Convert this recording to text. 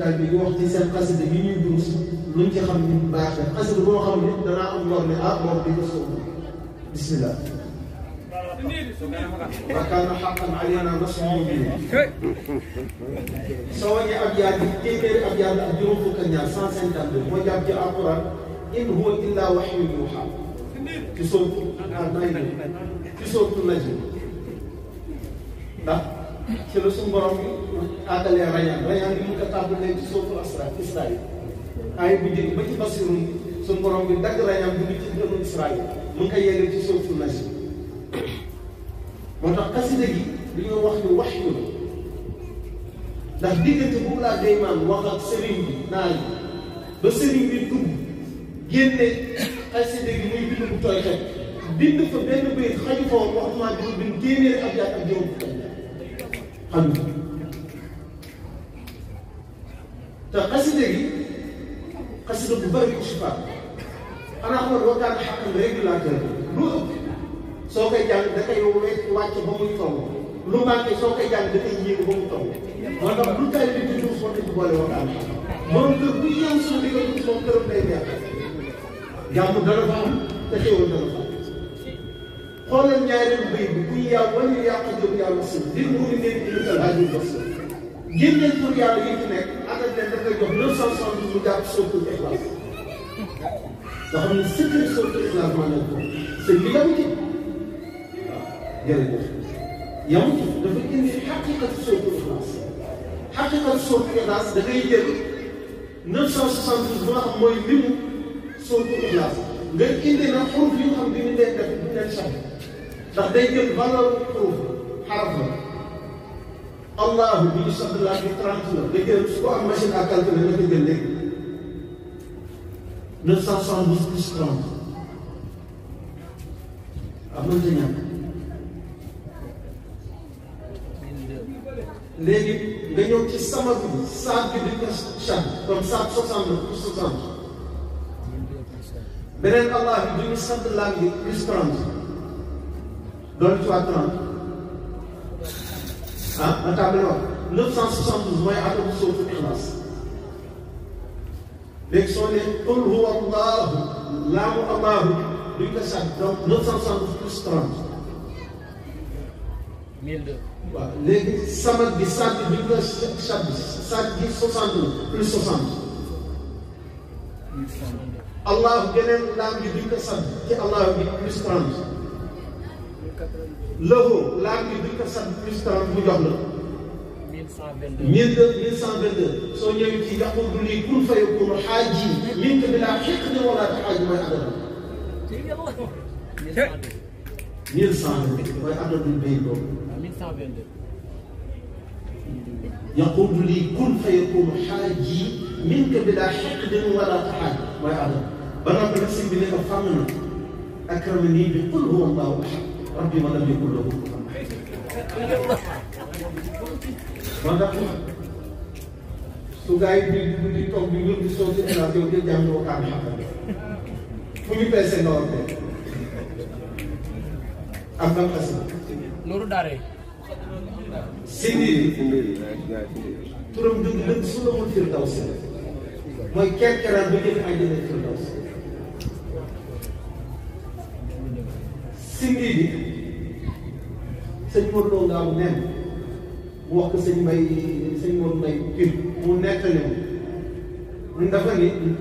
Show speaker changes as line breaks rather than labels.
taalibe yi wax ci seen xasida yi ñuy dund luñ ci xam ni baax na xasida boo xam ne danaa am yor ne ah moom di ko sóobu bismillah وكان حقا علينا نصر المؤمنين. سواء أبيات تيمير أبيات أبيرو فوكانيا 152 mooy jàpp ci alquran إن هو إلا وحي يوحى. ci sóobu. ci sóobu najm. ndax ci la suñu borom bi àggalee rayaan rayaan bi mu ko ci asra israel ay bu jëkk ba ci basiru suñu borom bi dagg bi ci israel mu ko yegg ci nasi moo tax gi li ñu wax ni wax ndax diggante bu laa day maam wax ak sëriñ bi naan ba sëriñ bi dugg génne xasida gi muy bind bu bind fa benn xaju wax bind ak ak xajul te xasida gi xasida bu bëri ko sifaat xanaa xam nga doo daan xàqal régulateur lu ëpp soo koy jàng da koy wàcc ba muy taw lu manqué soo koy jàng da koy yéeg ba mu taw moo tax lu tari bi di duus wante bu boole woon daal moom kër bu yem su li nga duus moom këram day neex jàmm dana fa am te xéewal dana fa xoolal ñaareelu bi الدنيا وليعقد الدنيا المصير للمؤمن مثل هذه المصير génneel pour yàlla yi fi nekk adat leen dafay jox neuf cent soixante mu jàpp sóotul ixlaas nga xam ne secret sóotul ixlaas maanaam ko sëñ bi yamu ci jërëjëf yamu ci dafa génne xaqiqat sóotul ixlaas xaqiqat sóotul ixlaas da ngay jël neuf cent soixante bu nga xam mooy limu sóotul indi nag xuruf yu xam bi ñu leen def ndax day jël valeur xuruf xaraf la allahu bi ñu soxla laaj bi trente la day jël su ko am machine à calculer la ko jël léegi neuf cent soixante-douze plus trente am na ci ñàkk léegi nga ñëw ci sama bi saab bi di ko chan comme saab soixante plus soixante beneen doon fois 30 ah ma tàmbali wax 972 mooy soo ne qul huwa allahu laamu allahu duñ ko sàcc donc 972 plus 30. 1200 waaw léegi samat bi sàcc duñ ko sàcc sàcc bi 60 plus 60. allahu geneen laam bi duñ ko sàcc ci allahu bi lëbu laaj bi duñ ko sant plus trente mu jox la. mille cent vingt deux mille deux mille cent vingt deux soo ñëwee ci yàqu du lii kun fa yakun xaaj yi. min bi laa xeq ne wala ci xaaj mooy adama. mille cent vingt deux mooy adama bay boobu. mille cent vingt deux. يقول لي كن فيكون حاجي منك بلا حقد ولا تحاج ما يعلم بنا بنفسي بنك فهمنا أكرمني بقل هو الله أحد ربي ما لم يكن له moo tax su gars yi di di di toog di wër di soog si émission yow di jàngoo kàddu fu ñu peese noor de am na xas. loolu daaree. Sindi. turam dëgg dëgg su la mën Firdawsi mooy kerkeraan ba jëf àjjana Firdawsi Sindi bi. sëñ Modou Lo Ngaabu nen mu wax ko sëñ Mbay sëñ Modou Mbay kii mu nekk leen